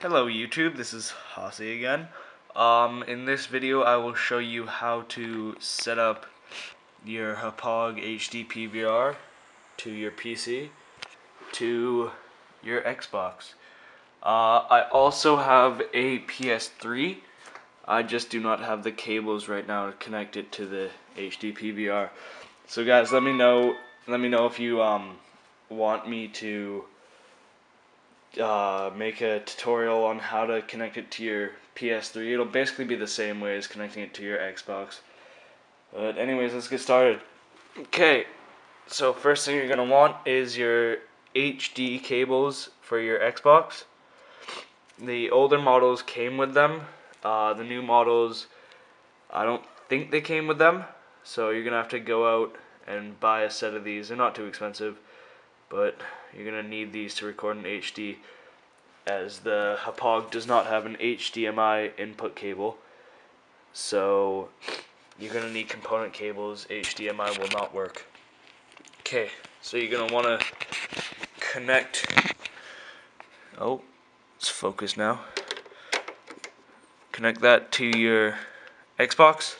Hello YouTube, this is Hossie again. Um, in this video I will show you how to set up your Hapog HD PVR to your PC to your Xbox. Uh, I also have a PS3. I just do not have the cables right now to connect it to the HD PVR. So guys, let me know let me know if you um, want me to uh, make a tutorial on how to connect it to your PS3. It'll basically be the same way as connecting it to your Xbox. But anyways, let's get started. Okay, so first thing you're going to want is your HD cables for your Xbox. The older models came with them. Uh, the new models, I don't think they came with them. So you're going to have to go out and buy a set of these. They're not too expensive, but you're going to need these to record in HD as the Hapog does not have an HDMI input cable. So you're going to need component cables. HDMI will not work. Okay, so you're going to want to connect. Oh, it's focused now. Connect that to your Xbox.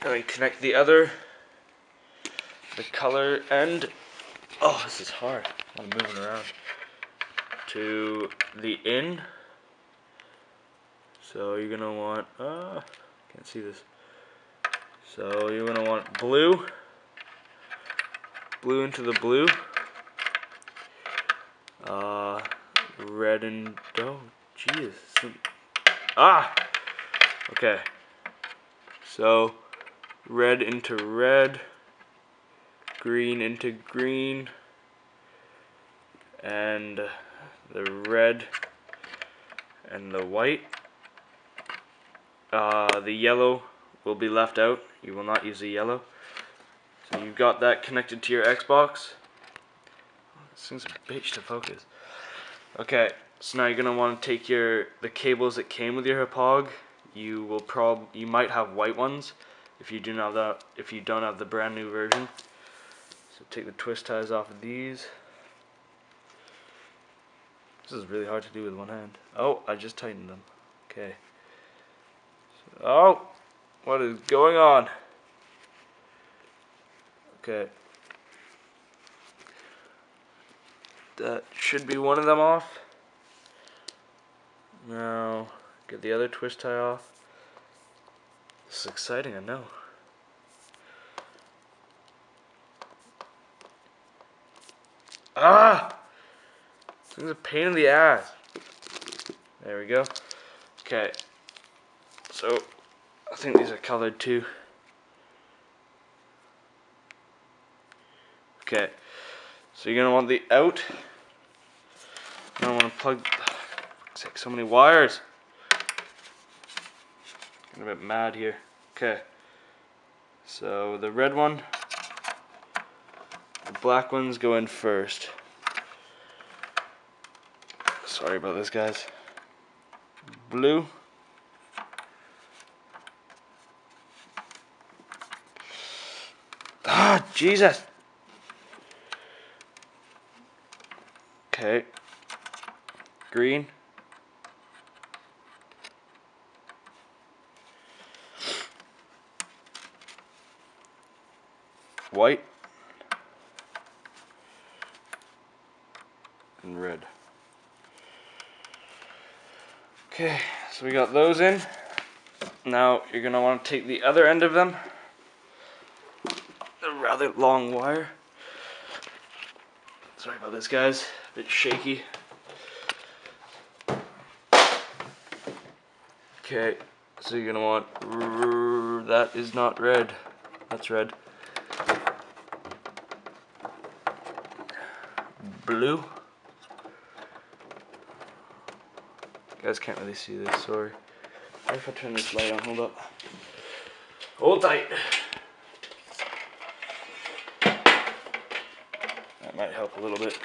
And then connect the other, the color end Oh, this is hard. I'm moving around. To the end. So you're going to want, uh, can't see this. So you're going to want blue. Blue into the blue. Uh, red and, oh, jeez. Ah! Okay. So, red into red green into green and the red and the white. Uh, the yellow will be left out. You will not use the yellow. So you've got that connected to your Xbox. This thing's a bitch to focus. Okay, so now you're gonna want to take your the cables that came with your Hipog. You will prob you might have white ones if you do not have the if you don't have the brand new version. So take the twist ties off of these. This is really hard to do with one hand. Oh, I just tightened them. Okay. So, oh, what is going on? Okay. That should be one of them off. Now, get the other twist tie off. This is exciting, I know. Ah! This is a pain in the ass. There we go. Okay. So, I think these are colored too. Okay. So you're gonna want the out. I don't want to plug like so many wires. Getting a bit mad here. Okay. So the red one black ones go in first. Sorry about this, guys. Blue. Ah, Jesus. Okay. Green. White. and red. Okay, so we got those in. Now you're going to want to take the other end of them, a rather long wire. Sorry about this guys, a bit shaky. Okay, so you're going to want, that is not red, that's red. Blue. guys can't really see this, sorry. What if I turn this light on? Hold up. Hold tight. That might help a little bit.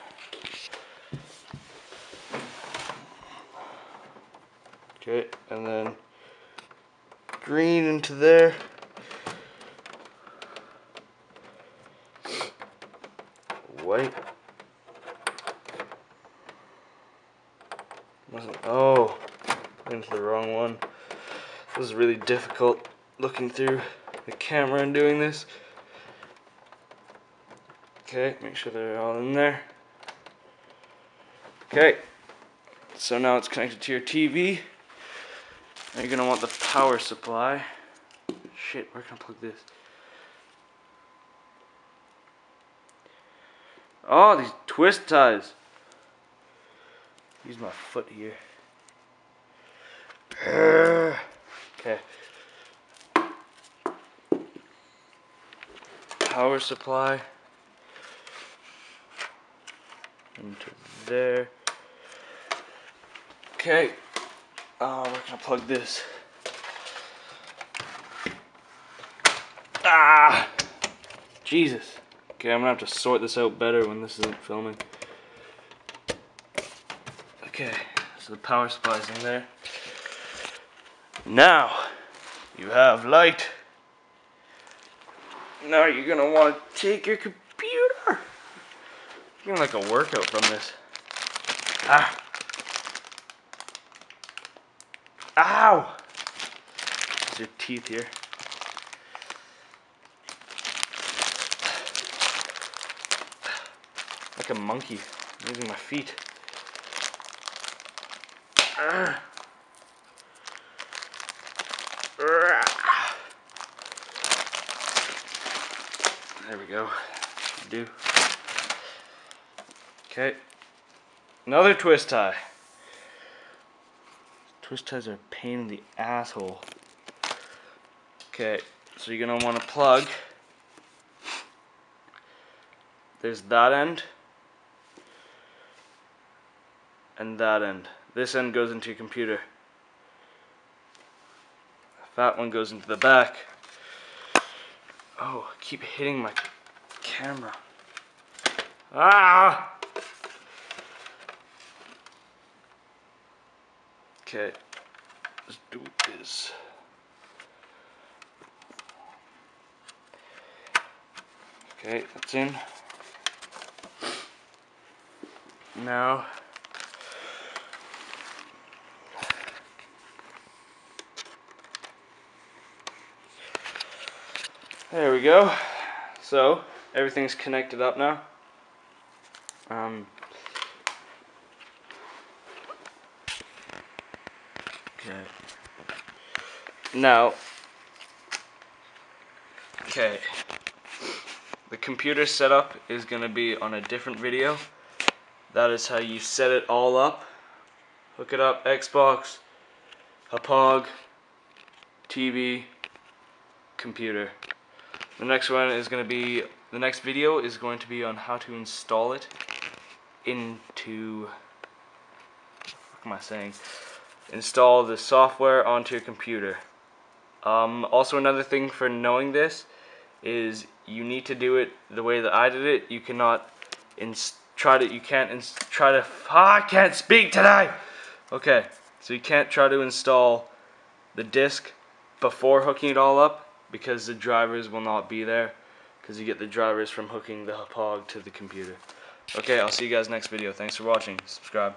Okay, and then green into there. oh, into the wrong one. This is really difficult looking through the camera and doing this. Okay, make sure they're all in there. Okay, so now it's connected to your TV. Now you're gonna want the power supply. Shit, where can I plug this? Oh, these twist ties. Use my foot here. Okay. Power supply. Into there. Okay. Oh, um, we're gonna plug this. Ah! Jesus. Okay, I'm gonna have to sort this out better when this isn't filming. Okay, so the power supply's in there. Now, you have light. Now you're gonna wanna take your computer. You're gonna like a workout from this. Ah. Ow! There's your teeth here. Like a monkey, using my feet. There we go. Should do. Okay. Another twist tie. Twist ties are a pain in the asshole. Okay, so you're gonna wanna plug. There's that end and that end. This end goes into your computer. That one goes into the back. Oh, I keep hitting my camera. Ah! Okay, let's do this. Okay, that's in. Now, There we go. So everything's connected up now. Um, okay. Now, okay, the computer setup is going to be on a different video. That is how you set it all up. Hook it up, Xbox, a pog, TV, computer. The next one is going to be, the next video is going to be on how to install it into, what am I saying? Install the software onto your computer. Um, also another thing for knowing this is you need to do it the way that I did it. You cannot try to, you can't try to, ah, I can't speak today! Okay, so you can't try to install the disk before hooking it all up because the drivers will not be there because you get the drivers from hooking the pog to the computer. Okay, I'll see you guys next video. Thanks for watching. Subscribe.